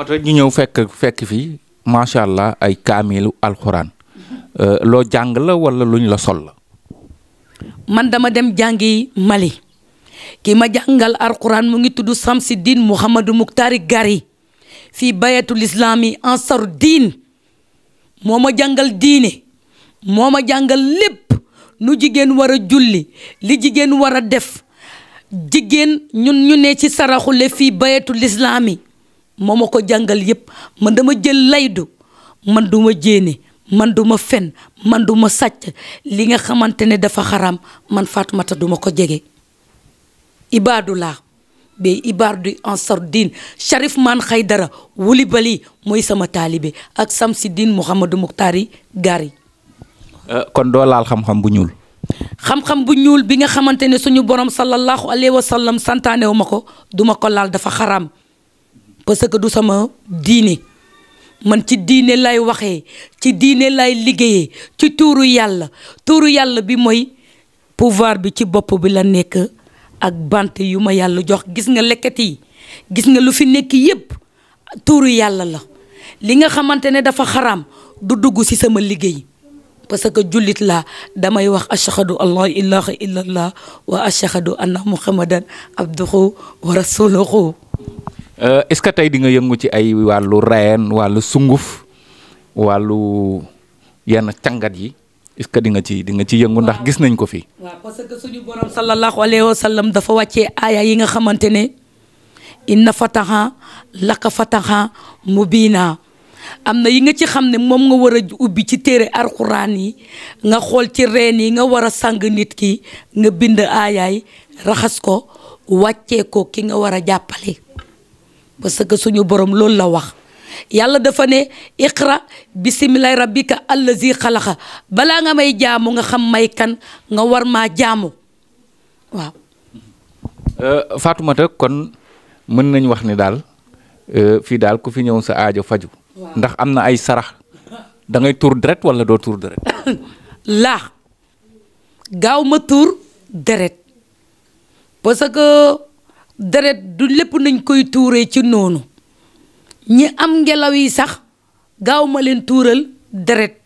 moo ñu ñew fekk fekk allah ay alquran alxuraan euh, Lo jang la wala luñ la sol la. man dama dem jangi Mali ki ma jangal alquran mu ngi tuddu samsidin muhammad muktari Gari fi bayatul islami ansaru din. moo ma jàngal diine moo ma nu jigen wara julli li jigen wara def jigen ñun ñu ne ci le fi bayatul islami momoko jangal ko yep, man dama jël laydu man duma jéene man duma fen man duma satch li nga xamantene dafa xaraam man fatumata duma ko jage. ibadullah be be ibaadu ansardin Sharif Man khaydara wuli bali moy sama talibé ak Samsidine mohammed Gari euh, kon do laal xam-xam bu ñuul xam-xam bu ñuul bi nga xamantene ne suñu borom sallallahu alaihi wasallam santane duma ko laal dafa parce que du sama diine man ci diine lay waxe ci diine lay liggéeyee ci tuuru yàlla tuuru yàlla bi mooy pouvoir bi ci bopp bi la nekk ak bant yu ma yàlla jox gis nga lekket yi gis nga lu fi nekk yépp tuuru yàlla la li nga xamante ne dafa xaram du dugg ci sama liggéey parce que jullit laa damay wax ashhadu an laa ilaha illallah wa ashhadu anna muhammadan abduhu wa rasuluhu Euh, est-ce que tey di nga yëngu ci ay wàllu reen wàllu sunguf wàllu yenn cangat yi est-ce di nga ci di yëngu ndax gis nañ ko fi. parce que suñu borom sallam dafa wàccee aaya yi nga xamante ne inna fataha laka fataha mubina am na yi nga ci xam ne moom nga war a ubbi ci téere alxuraan yi nga xool ci reen yi nga war a sàng nit ki nga bind aayaay raxas ko wàccee ko ki nga war a jàppale parce que suñu borom loolu la wax yàlla dafa ne iqra bisimilahi rabbika allazi xalaqa balaa nga may jaamu nga xam may kan nga war maa jaamu waaw euh, Fatoumata kon mën nañ wax ni daal euh, fii daal ku fi ñëw sa aajo faju ndax am na ay sarax dangay tuur deret wala doo tuur deret laa gaaw ma tuur deret parce que deret du lépp nañ koy tuuree ci noonu ñi am ngelaw yi sax gaaw ma leen tuural deret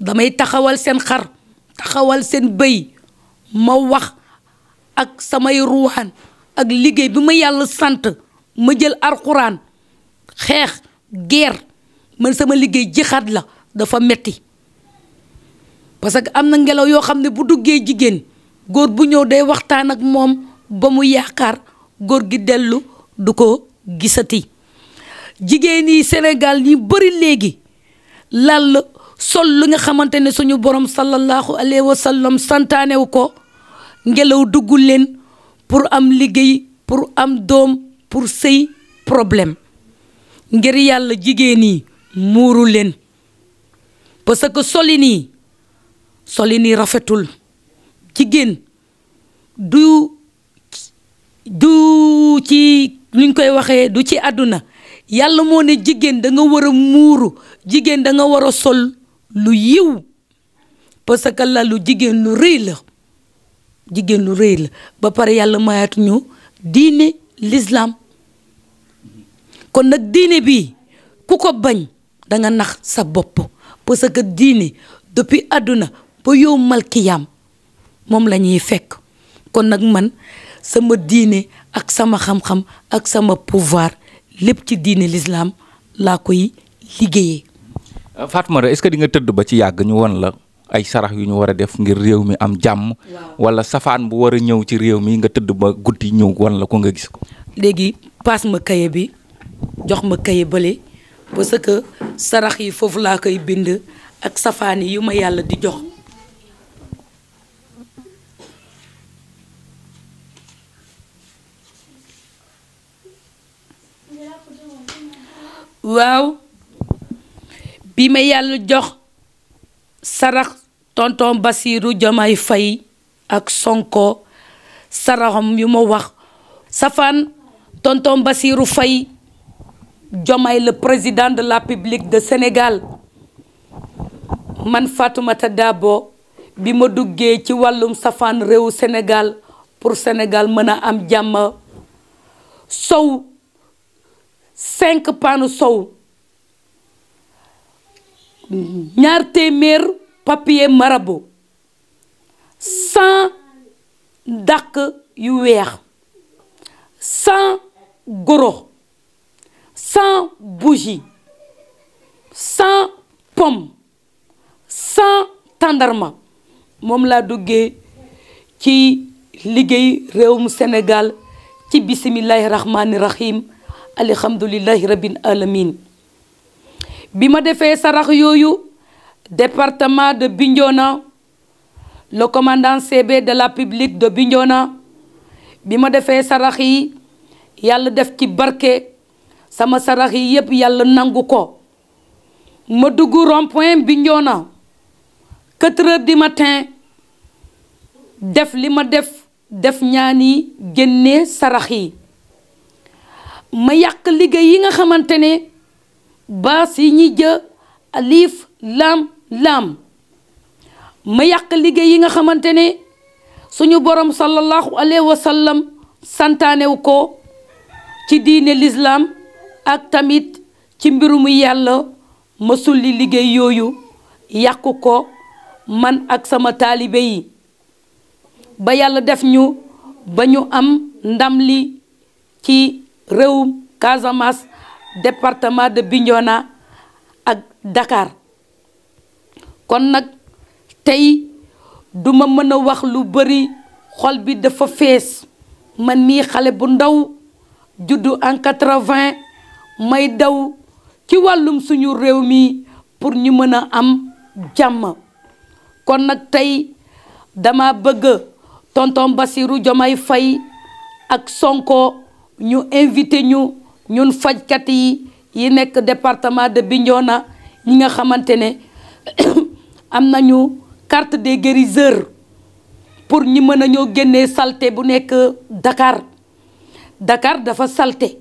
damay taxawal seen xar taxawal seen bëy ma wax ak samay ruuxaan ak liggéey bi ma yàlla sant ma jël arxuraan xeex geer man sama liggéey jixaat la dafa metti parce que am na ngelaw yoo xam ne bu duggee jigéen góor bu ñëw day waxtaan ak moom ba mu yaakaar góor gi dellu du ko gisati jigéen yi Sénégal yi bari léegi lal sol lu nga xamante ne suñu borom sallallahu alayhi wa sallam santaanewu ko ngelaw dugg leen pour am liggéey pour am doom pour sey problème ngir yàlla jigéen yi muuru leen parce que solin yi solin yi rafetul jigéen du du ci luñ koy waxee du ci àdduna yàlla moo ne jigéen da nga war a muuru jigéen da nga war a sol lu yiw parce que la lu jigéen lu rëy la ba pare yàlla mayaatu ñu diine l'islam kon nag diine bi ku ko bañ da nga nax sa bopp parce que diine depuis àdduna ba yow malkiyam moom lañuy ñuy fekk kon nag man sama diine ak sama xam-xam ak sama pouvoir lépp ci diine lislaam laa koy liggéeyee. Fatou Mara est-ce que di nga tëdd ba ci yàgg ñu wan la ay sarax yu ñu war a def ngir réew mi am jàmm. wala safaan bu war a ñëw ci réew mi nga tëdd ba guddi ñëw won la ko nga gis ko. léegi paas ma kaye bi jox ma kaye bële parce que sarax yi foofu laa koy bind ak safaan yi yu ma yàlla di jox. waaw bima yàlla jox sarax tonton Bassirou Diomaye Faye ak Sonko saraxam yu ma wax safaan tonton basiiru Faye Diomaye le président de la République de Sénégal man Fatoumata Dabo bi ma duggee ci wàllum safaan réewu Sénégal pour Sénégal mën a am jàmm sow cinq panneaux de pas mer papier marabout, sans dak yu sans sans goro bougie sans pomme sans tandarma, Mom la qui ci Sénégal qui la rahim Alhamdulillah, rabbil alamin bima defé sarax yoyu département de Bignona le commandant CB de la public de Bignona bima defé defee sarax yi yàlla def ci barké sama sarax yi yépp yalla nangu ko ma dugg rond-point Bignona quatre heures du matin def li ma def def ñaani yi ma yak liggéey yi nga xamantene ba si ñi je alif lam lam ma yak liggéey yi nga xamantene suñu borom sallallahu alaihi wasallam santane ko ci diine l'islam ak tamit ci mbirumu yalla ma sulli liggéey yoyu yak ko man ak sama talibe yi ba yalla def ñu bañu am ndam li ci réewum Casamance département de Bignona ak dakaar kon nag tey duma mën a wax lu bari xol bi dafa fees man mii xale bu ndaw juddu en quatre may daw ci wàllum suñu réew mi pour ñu mën a am jàmm kon nag tey dama bëgg tonton Bassirou Diomaye Faye ak Sonko ñu invité ñu ñun fajkat yi yi nekk département de Bignona ñi nga xamante ne am nañu carte de guérisseurs pour ñi mën a ñoo génne salte bu nekk Dakar Dakar dafa salte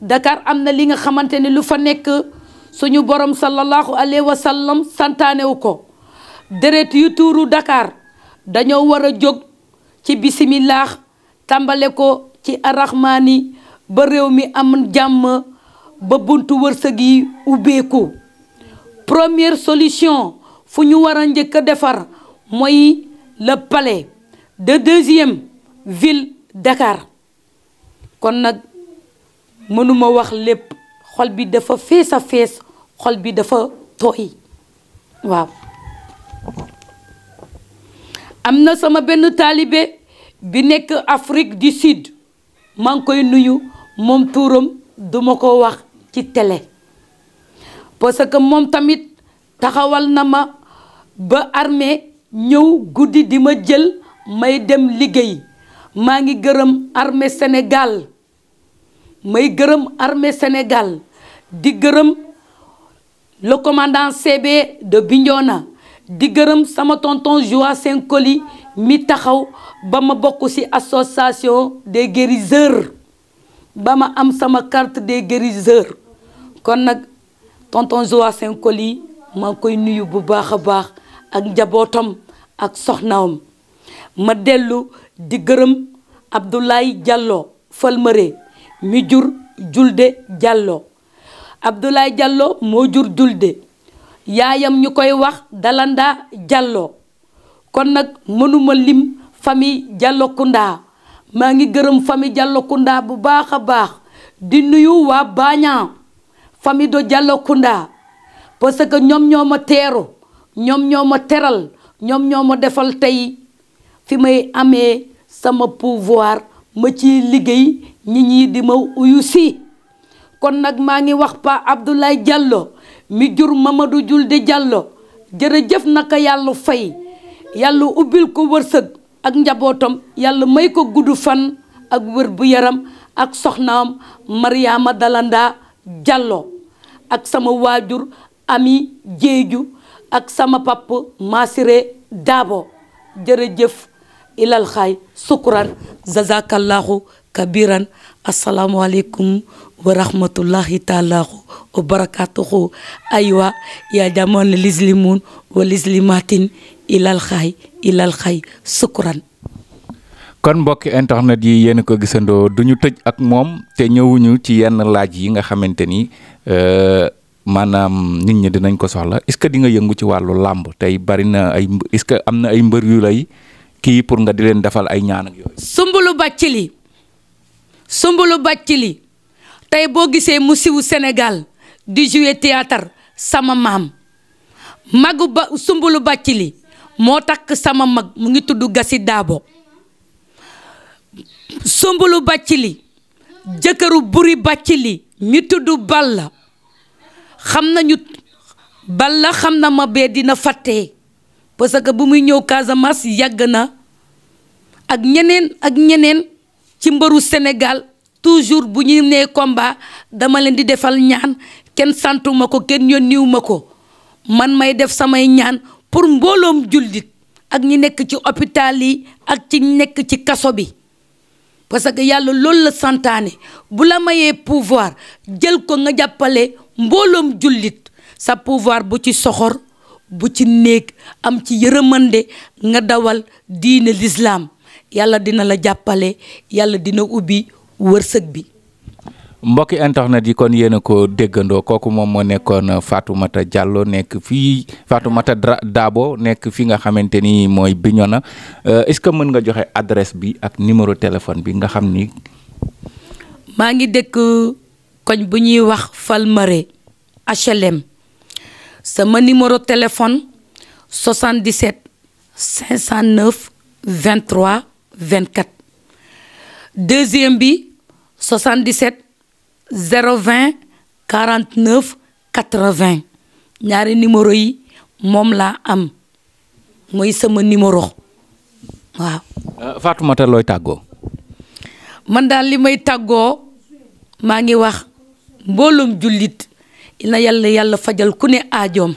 Dakar am na li nga xamante ne lu fa nekk suñu borom sallallahu alayhi wa sallam santaanewu ko deret yu tuuru Dakar dañoo war a jóg ci bisimillah tàmbale ko ci araxmaani ba réew mi am jàmm ba buntu wërsëg yi ubbeeku première solution fu ñu war a njëkk a defar mooy le pale de deuxième ville Dakar kon nag mënuma wax lépp xol bi dafa fees fees xol bi dafa tooy waaw am na sama benn taalibe bi nekk Afrique du Sud maa ngi koy nuyu moom tuuram duma ko wax ci télé parce que moom tamit taxawal na ma ba armée ñëw guddi di ma jël may dem liggéey maa ngi gërëm armée Sénégal may gërëm armée Sénégal di gërëm le commandant CB de Bignona di gërëm sama tonton Joa Senkoli mi taxaw ba ma bokk ci association des guérisseurs ba ma am sama carte des guérisseurs kon nag tonton Joacim Coly maa ngi koy nuyu bu baax a baax ak njabootam ak soxnaam ma dellu di gërëm Abdoulaye Diallo Falmaré mi jur Julde Diallo Abdoulaye Diallo moo jur Julde yaayam ñu koy wax Dalanda Diallo kon nag mënuma lim famille Diallo Kounda maa ngi gërëm famille Diallo Kounda bu baax a baax di nuyu waa Bagnan famille do Diallo Kounda parce que ñoom ñoo ma teeru ñoom ñoo ma teral ñoom ñoo ma defal tey fi may amee sama pouvoir ma ci liggéey ñi ñii di ma uyu si kon nag maa ngi wax Pa Abdoulaye Diallo mi jur Mamadou Julde Diallo jërëjëf naka yàlla fay yàlla ubbil ko wërsëg ak njabootam yàlla may ko gudd fan ak wër bu yaram ak soxnaam Mariama Dalanda Diallo ak sama waajur ami jeeju ak sama papp Massiré Dabo jërëjëf ilal xaay sukkuran jazakallahu kabiran asalaamualeykum wa rahmatullahi taalaahu wa barakatuhu aywa yaa jamoon lislimun wa lislimatin ilal khay ilal khay sukuran kon mbokki internet yi yene ko gisandoo duñu tejj ak mom te ñewuñu ci yenn laaj yi nga xamanteni euh manam nit ñi dinañ ko soxla est ce que di nga yëngu ci walu lamb tay bari na ay est ce que am ay mbeur yu lay ki pour nga di leen defal ay ñaan ak yoy sumbulu bàcc sumbulu bàcc tay bo gisee musiwu senegal di jouer théâtre sama mam. magu ba sumbulu bàcc moo takk sama mag mu ngi tudd Gassi Daabo Sombulu li jëkkëru Buri li mi tudd Balla xam nañu Balla xam na ma bee dina fàtte parce que bu muy ñëw Casamance yàgg na ak ñeneen ak ñeneen ci mbëru Sénégal toujours bu ñu nee combat dama leen di defal ñaan kenn santuma ko kenn yónniwu ma ko man may def samay ñaan pour mbooloom jullit ak ñi nekk ci hôpital yi ak ci nekk ci kaso bi parce que yàlla lool la santaane bu la mayee pouvoir jël ko nga jàppale mbooloom jullit sa pouvoir bu ci soxor bu ci néeg am ci yërëmande nga dawal diine lislaam yàlla dina la jàppale yàlla dina ubbi wërsëg bi mbokki internet yi kon yéen a ko déggandoo kooku moom moo nekkoon Fatoumata Diallo nekk fii dra daabo nekk fi nga xamante ni mooy na Bignona euh, est-ce que mën nga joxe adresse bi ak numéro téléphone bi nga xam ni. maa ngi dëkk koñ bu ñuy wax Falmaré HLM sama numéro téléphone 77 509 23 24 deuxième bi 77. 020 49 80 ñaari numéro yi moom laa am mooy sama numéro waaw. Euh, Fatoumata looy tàggoo. man daal li may tàggoo maa ngi wax mboolum jullit na yàlla yàlla fajal ku ne aajoom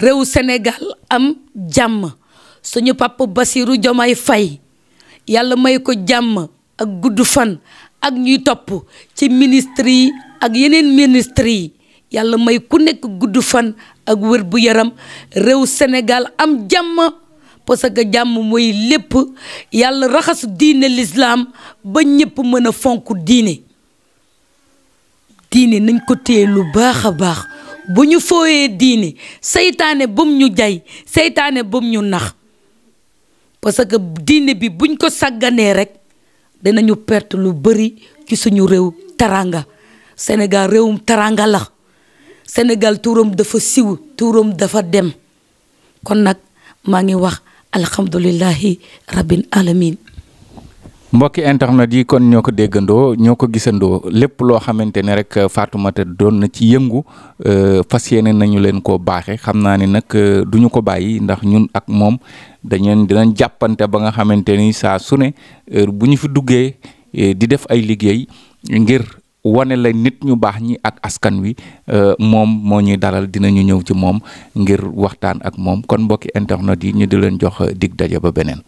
réew Sénégal am jàmm suñu papa basiiru Diomaye fay yàlla may ko jàmm ak gudd fan ak ñuy topp ci ministre yi ak yeneen ministre yi yàlla may ku nekk gudd fan ak wër bu yaram réew senegal am jàmm parce jàmm mooy lépp yàlla raxasu diine lislaam ba ñépp mën a fonk diine diine nañ ko téye lu baax a baax bu ñu fooyee diine seytaane bam ñu jay seytaane bam ñu nax parce diine bi buñ ko sàgganee rekk dinañu perte lu bëri ci suñu réew taranga Sénégal réewum taranga la Sénégal tuuram dafa siw tuuram dafa dem kon nag maa ngi wax alhamdulillahi rabbil alamin mbokki internet yi kon ñoo ko déggandoo ñoo ko gisandoo lépp loo xamante ne rek euh, Fatoumata doon na ci yëngu euh, fas yéene nañu leen ko baaxe xam naa ni nag euh, du ñu ko bàyyi ndax ñun ak moom dañeen dinañ jàppante ba nga xamante ni saa su ne bu ñu fi duggee di def ay liggéey ngir wane la nit ñu baax ñi ak askan wi moom moo ñuy dalal dinañu ñëw ci moom ngir waxtaan ak moom kon mbokki internet yi ñu di leen jox dig daje ba beneen